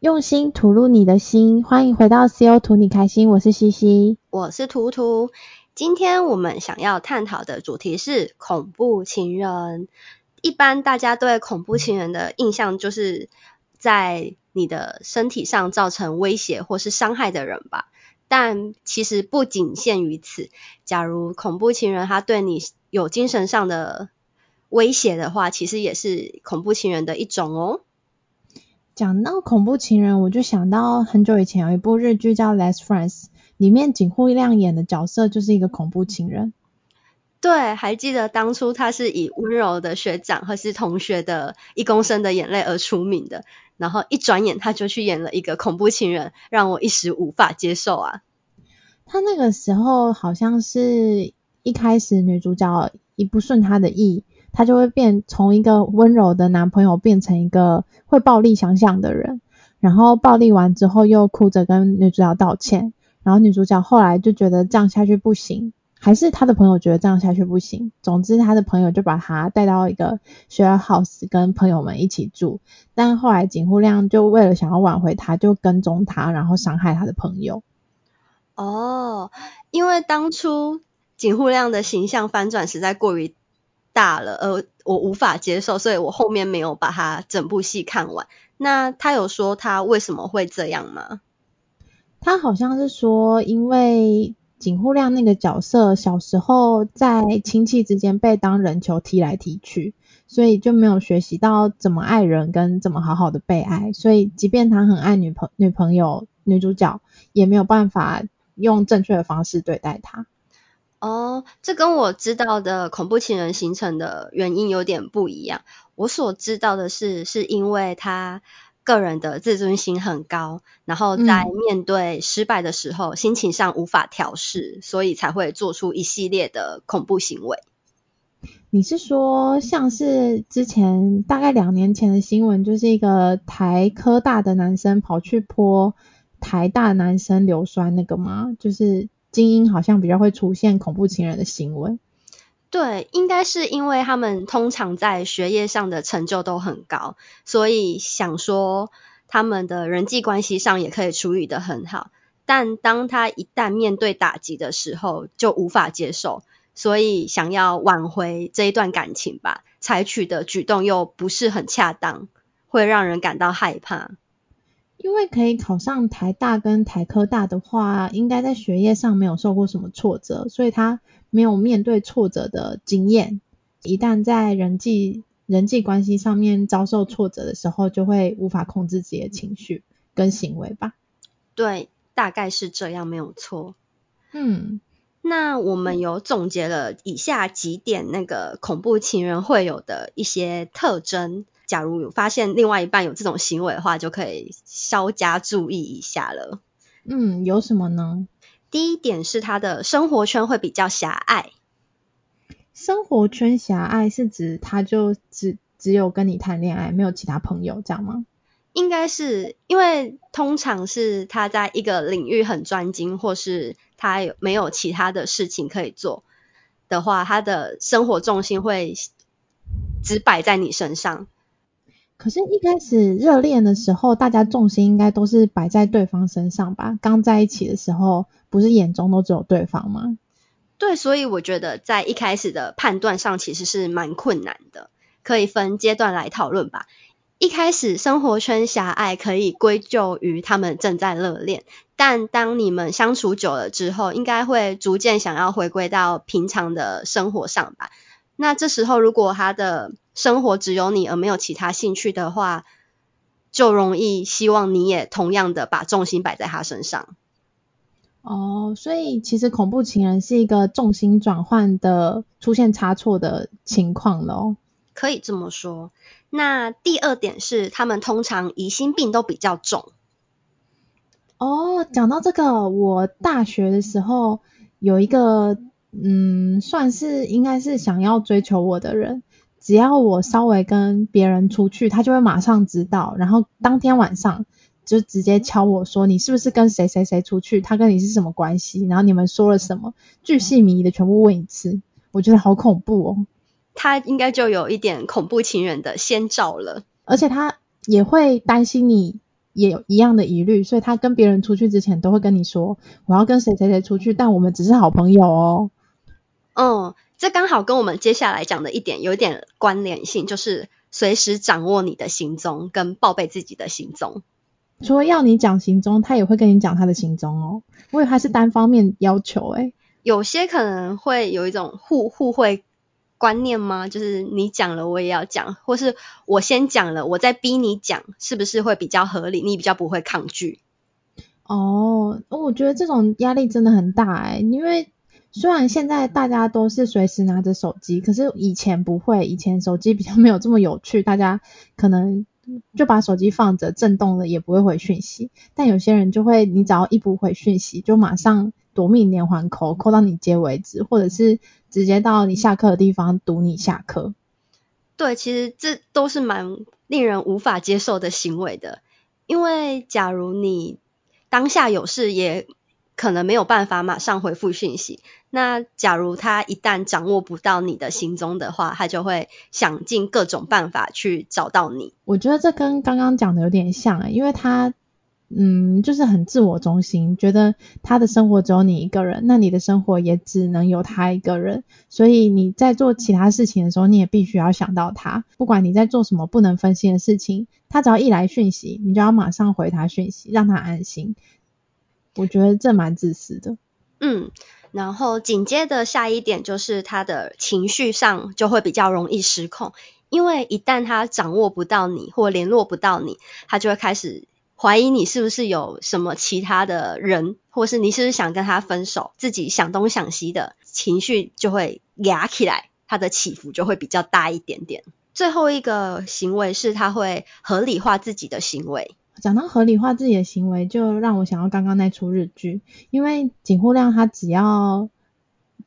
用心吐露你的心，歡迎回到 C.O. 吐你開心，我是西西，我是圖圖。今天我們想要探討的主題是恐怖情人。一般大家對恐怖情人的印象，就是在你的身體上造成威脅或是傷害的人吧。但其實不僅限於此，假如恐怖情人他對你有精神上的威脅的話，其實也是恐怖情人的一種哦。講到恐怖情人，我就想到很久以前有一部日劇叫《Last Friends》，裡面錦戶亮演的角色就是一個恐怖情人。對，還記得當初他是以溫柔的學長還是同學的一公升的眼淚而出名的，然後一轉眼他就去演了一個恐怖情人，讓我一時無法接受啊。他那個時候好像是一開始女主角一不順他的意，他就會變，從一個溫柔的男朋友變成一個會暴力相向的人，然後暴力完之後又哭着跟女主角道歉，然後女主角後來就覺得這樣下去不行，還是他的朋友覺得這樣下去不行，總之他的朋友就把他帶到一個 share house 跟朋友們一起住，但後來警戶亮就為了想要挽回他，就跟蹤他，然後傷害他的朋友。哦，因為當初警戶亮的形象翻轉實在過於。大了，呃，我無法接受，所以我後面沒有把他整部戲看完。那他有說他為什麼會這樣嗎？他好像是說，因為景戶亮那個角色小時候在親戚之間被當人球踢來踢去，所以就沒有學習到怎麼愛人跟怎麼好好的被愛，所以即便他很愛女朋女朋友女主角，也沒有辦法用正確的方式對待他。哦，oh, 這跟我知道的恐怖情人形成的原因有點不一樣。我所知道的是，是因為他個人的自尊心很高，然後在面對失敗的時候，嗯、心情上無法調適，所以才會做出一系列的恐怖行為。你是說，像是之前大概兩年前的新聞，就是一個台科大的男生跑去潑台大男生硫酸那個嗎？就是。精英好像比較會出現恐怖情人的行為，對，應該是因為他們通常在學業上的成就都很高，所以想說他們的人際關係上也可以處理得很好，但當他一旦面對打擊的時候，就無法接受，所以想要挽回這一段感情吧，採取的舉動又不是很恰當，會讓人感到害怕。因為可以考上台大跟台科大的話，應該在學業上沒有受過什麼挫折，所以他沒有面對挫折的經驗。一旦在人際人際關係上面遭受挫折的時候，就會無法控制自己的情緒跟行為吧？對，大概是這樣，沒有錯。嗯，那我們有總結了以下幾點，那個恐怖情人會有的一些特徵。假如有發現另外一半有這種行為的話，就可以稍加注意一下了。嗯，有什麼呢？第一點是他的生活圈會比較狹隘。生活圈狹隘是指他就只只有跟你談戀愛，沒有其他朋友這樣嗎？應該是，因為通常是他在一個領域很專精，或是他沒有其他的事情可以做的話，他的生活重心會只擺在你身上。可是，一開始熱戀的時候，大家重心應該都是擺在對方身上吧？剛在一起的時候，不是眼中都只有對方嗎？對，所以我覺得在一開始的判斷上其實是蠻困難的，可以分階段來討論吧。一開始生活圈狹隘，可以歸咎於他們正在熱戀，但當你們相處久了之後，應該會逐漸想要回歸到平常的生活上吧？那這時候，如果他的生活只有你而沒有其他興趣的話，就容易希望你也同樣的把重心擺在他身上。哦，所以其實恐怖情人是一個重心轉換的，出現差錯的情況咯，可以這麼說。那第二點是，他們通常疑心病都比較重。哦，講到這個，我大學的時候有一個，嗯，算是應該是想要追求我的人。只要我稍微跟別人出去，他就會馬上知道，然後當天晚上就直接敲我說：“你是不是跟誰誰誰出去？他跟你是什麼關係？然後你們說了什麼？巨細靡遺的全部問一次。”我覺得好恐怖哦。他應該就有一點恐怖情人的先兆了，而且他也會擔心你也有一樣的疑慮，所以他跟別人出去之前都會跟你說：“我要跟誰誰誰出去，但我們只是好朋友哦。”嗯。這剛好跟我們接下來講的一點有點關聯性，就是隨時掌握你的行蹤跟報備自己的行蹤。除了要你講行蹤，他也會跟你講他的行蹤哦。我以為他是單方面要求誒。有些可能會有一種互互惠觀念嗎？就是你講了我也要講，或是我先講了，我再逼你講，是不是會比較合理？你比較不會抗拒。哦，我覺得這種壓力真的很大哎，因為。雖然現在大家都是隨時拿着手機，可是以前不會，以前手機比較沒有這麼有趣，大家可能就把手機放着，震動了也不會回訊息。但有些人就會，你只要一不回訊息，就馬上奪命連環扣，扣到你接為止，或者是直接到你下課的地方堵你下課。對，其實這都是蠻令人無法接受的行為的，因為假如你當下有事也，可能沒有辦法馬上回復訊息。那假如他一旦掌握不到你的行蹤的話，他就會想盡各種辦法去找到你。我覺得這跟剛剛講的有點像欸，因為他，嗯，就是很自我中心，覺得他的生活只有你一個人，那你的生活也只能有他一個人。所以你在做其他事情的時候，你也必須要想到他。不管你在做什麼，不能分析的事情，他只要一來訊息，你就要馬上回他訊息，讓他安心。我覺得這蠻自私的。嗯，然後緊接着下一點就是他的情緒上就會比較容易失控，因為一旦他掌握不到你或聯絡不到你，他就會開始懷疑你是不是有什麼其他的人，或是你是不是想跟他分手，自己想東想西的情緒就會壓起來，他的起伏就會比較大一點點。最後一個行為是他會合理化自己的行為。講到合理化自己的行為，就讓我想到剛剛那出日劇，因為井戶亮他只要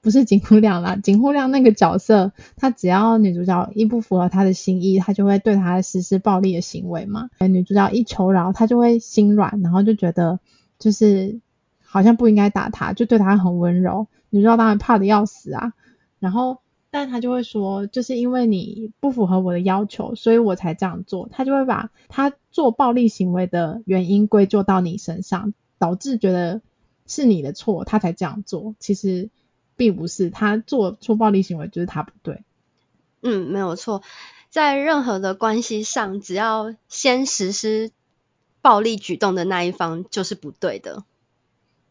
不是警戶亮啦，井戶亮那個角色，他只要女主角一不符合他的心意，他就會對他實施暴力的行為嘛。女主角一求饒，他就會心軟，然後就覺得就是好像不應該打他，就對他很溫柔。女主角當然怕得要死啊，然後。但他就會說，就是因為你不符合我的要求，所以我才這樣做。他就會把他做暴力行為的原因歸咎到你身上，導致覺得是你的錯，他才這樣做。其實並不是他做出暴力行為就是他不對。嗯，沒有錯，在任何的關係上，只要先實施暴力舉動的那一方就是不對的。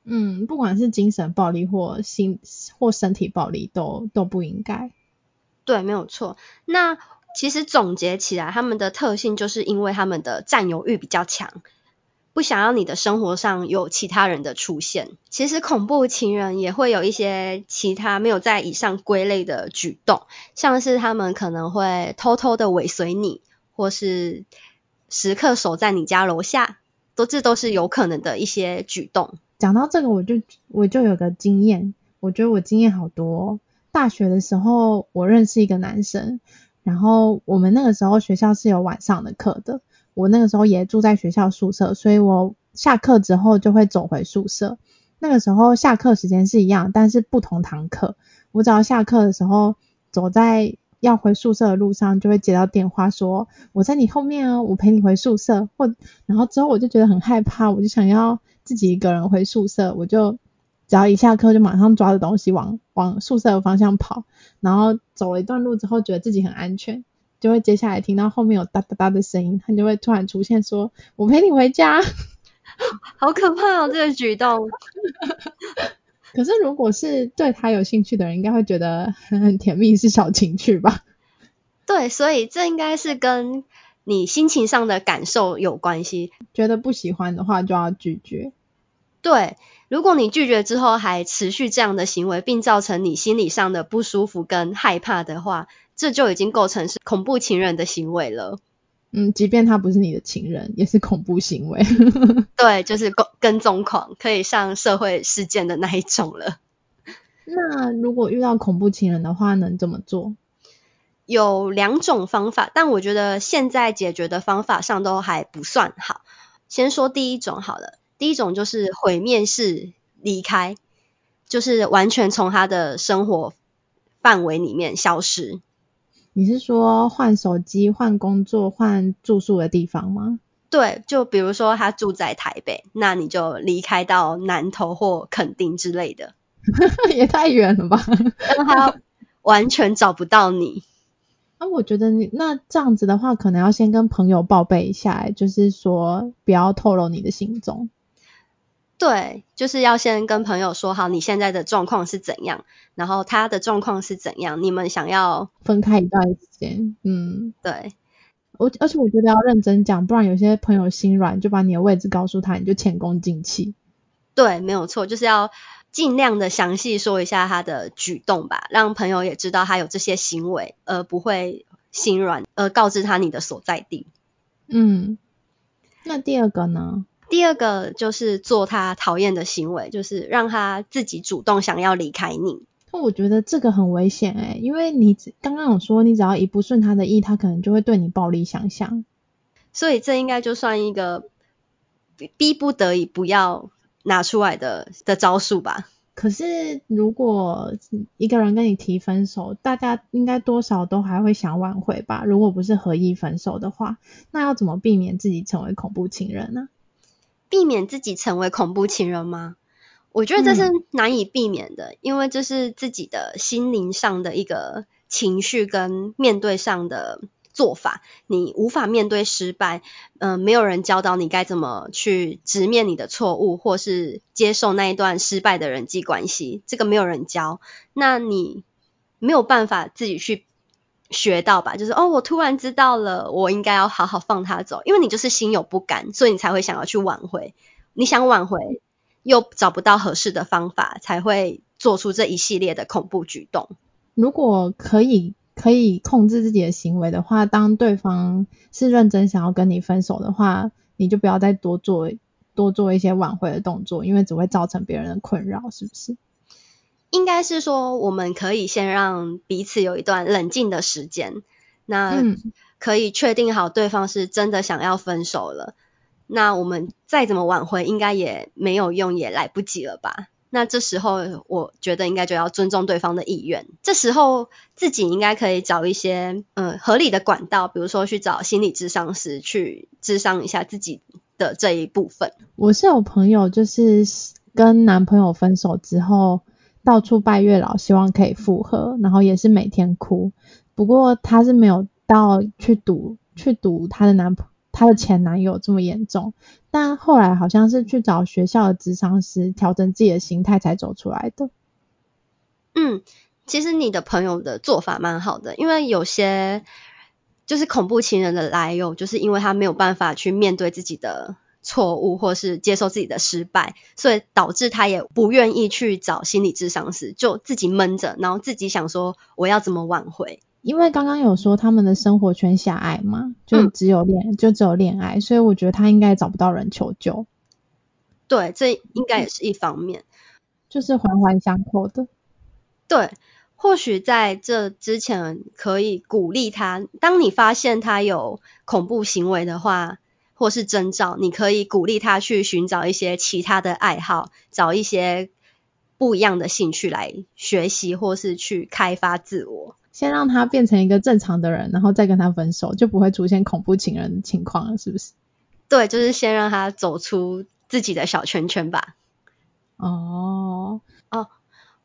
嗯，不管是精神暴力或心或身體暴力都、都都不應該。對，沒有錯。那其實總結起來，他們的特性就是因為他們的佔有慾比較強，不想要你的生活上有其他人的出現。其實恐怖情人也會有一些其他沒有在以上歸類的舉動，像是他們可能會偷偷的尾隨你，或是時刻守在你家樓下，都這都是有可能的一些舉動。講到這個，我就我就有個經驗，我覺得我經驗好多哦。大學的時候，我認識一個男生，然後我們那個時候學校是有晚上的課的，我那個時候也住在學校宿舍，所以我下課之後就會走回宿舍。那個時候下課時間是一樣，但是不同堂課，我只要下課的時候走在。要回宿舍的路上，就會接到電話說：“我在你後面啊，我陪你回宿舍。”或，然後之後我就覺得很害怕，我就想要自己一個人回宿舍，我就只要一下課就馬上抓着東西往往宿舍的方向跑。然後走了一段路之後，覺得自己很安全，就會接下來聽到後面有噠噠噠的聲音，他就會突然出現說：“我陪你回家。”好可怕哦，這個舉動。 可是，如果是對他有興趣的人，應該會覺得很甜蜜，是小情趣吧？對，所以這應該是跟你心情上的感受有關係。覺得不喜歡的話，就要拒絕。對，如果你拒絕之後還持續這樣的行為，並造成你心理上的不舒服跟害怕的話，這就已經構成是恐怖情人的行為了。嗯，即便他不是你的情人，也是恐怖行為。 對，就是跟跟蹤狂，可以上社會事件的那一種了。 那如果遇到恐怖情人的話，能怎麼做？有兩種方法，但我覺得現在解決的方法上都還不算好。先說第一種好了，第一種就是毀滅式離開，就是完全從他的生活範圍裡面消失。你是說換手機、換工作、換住宿的地方嗎？對，就比如說他住在台北，那你就離開到南投或墾丁之類的， 也太遠了吧？ 讓他完全找不到你。那 啊、我覺得你那這樣子的話，可能要先跟朋友報備一下，就是說不要透露你的行蹤。對，就是要先跟朋友說好你現在的狀況是怎樣，然後他的狀況是怎樣，你們想要分開一段時間。嗯，對。我，而且我覺得要認真講，不然有些朋友心軟，就把你的位置告訴他，你就前功盡棄。對，沒有錯，就是要盡量的詳細說一下他的舉動吧，讓朋友也知道他有這些行為，而不會心軟，而告知他你的所在地。嗯，那第二個呢？第二個就是做他討厭的行為，就是讓他自己主動想要離開你。那我覺得這個很危險哎、欸，因為你剛剛有說，你只要一不順他的意，他可能就會對你暴力相向。所以這應該就算一個逼不得已不要拿出來的的招數吧。可是如果一個人跟你提分手，大家應該多少都還會想挽回吧？如果不是合意分手的話，那要怎麼避免自己成為恐怖情人呢？啊？避免自己成為恐怖情人嗎？我覺得這是難以避免的，嗯，因為這是自己的心靈上的一個情緒跟面對上的做法。你無法面對失敗，嗯，呃，沒有人教導你該怎麼去直面你的錯誤，或是接受那一段失敗的人際關係，這個沒有人教，那你沒有辦法自己去學到吧，就是哦，我突然知道了，我應該要好好放他走，因為你就是心有不甘，所以你才會想要去挽回。你想挽回又找不到合適的方法，才會做出這一系列的恐怖舉動。如果可以可以控制自己的行為的話，當對方是認真想要跟你分手的話，你就不要再多做、多做一些挽回的動作，因為只會造成別人的困擾，是不是？應該是說，我們可以先讓彼此有一段冷靜的時間。那可以確定好對方是真的想要分手了。那我們再怎麼挽回，應該也沒有用，也來不及了吧？那這時候，我覺得應該就要尊重對方的意願。這時候，自己應該可以找一些呃、嗯、合理的管道，比如說去找心理諮商師去諮商一下自己的這一部分。我是有朋友，就是跟男朋友分手之後。到處拜月老，希望可以復合，然後也是每天哭。不過她是沒有到去毒去毒她的男朋她的前男友這麼嚴重，但後來好像是去找學校的諮商師調整自己的心態才走出來的。嗯，其實你的朋友的做法蠻好的，因為有些就是恐怖情人的來由，就是因為他沒有辦法去面對自己的。錯誤，或是接受自己的失敗，所以導致他也不願意去找心理諮商師，就自己悶着，然後自己想說我要怎麼挽回？因為剛剛有說他們的生活圈狹隘嘛，就只有戀愛，嗯、就只有戀愛，所以我覺得他應該找不到人求救。對，這應該也是一方面，嗯、就是環環相扣的。對，或許在這之前可以鼓勵他，當你發現他有恐怖行為的話，或是徵兆，你可以鼓勵他去尋找一些其他的愛好，找一些不一樣的興趣來學習，或是去開發自我。先讓他變成一個正常的人，然後再跟他分手，就不會出現恐怖情人的情況了，是不是？對，就是先讓他走出自己的小圈圈吧。哦哦，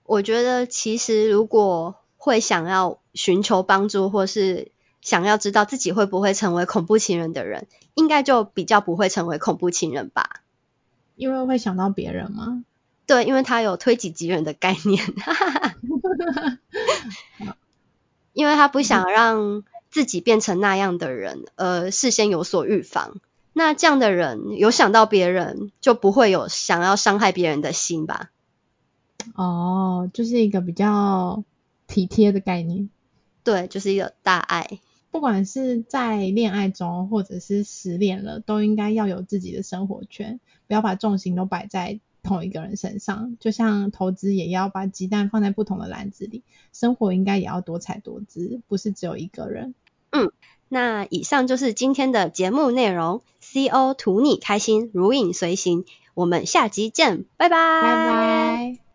我覺得其實如果會想要尋求幫助，或是。想要知道自己會不會成為恐怖情人的人，應該就比較不會成為恐怖情人吧？因為會想到別人嗎、啊？對，因為他有推己及及人的概念，哈哈哈。因為他不想讓自己變成那樣的人，呃，事先有所預防。那這樣的人有想到別人，就不會有想要傷害別人的心吧？哦，就是一個比較體貼的概念。對，就是一個大愛。不管是在戀愛中，或者是失戀了，都應該要有自己的生活圈，不要把重心都擺在同一個人身上。就像投資，也要把雞蛋放在不同的籃子裡，生活應該也要多彩多姿，不是只有一個人。嗯，那以上就是今天的節目內容。CO 圖你開心，如影隨形。我們下集見，拜拜。拜拜。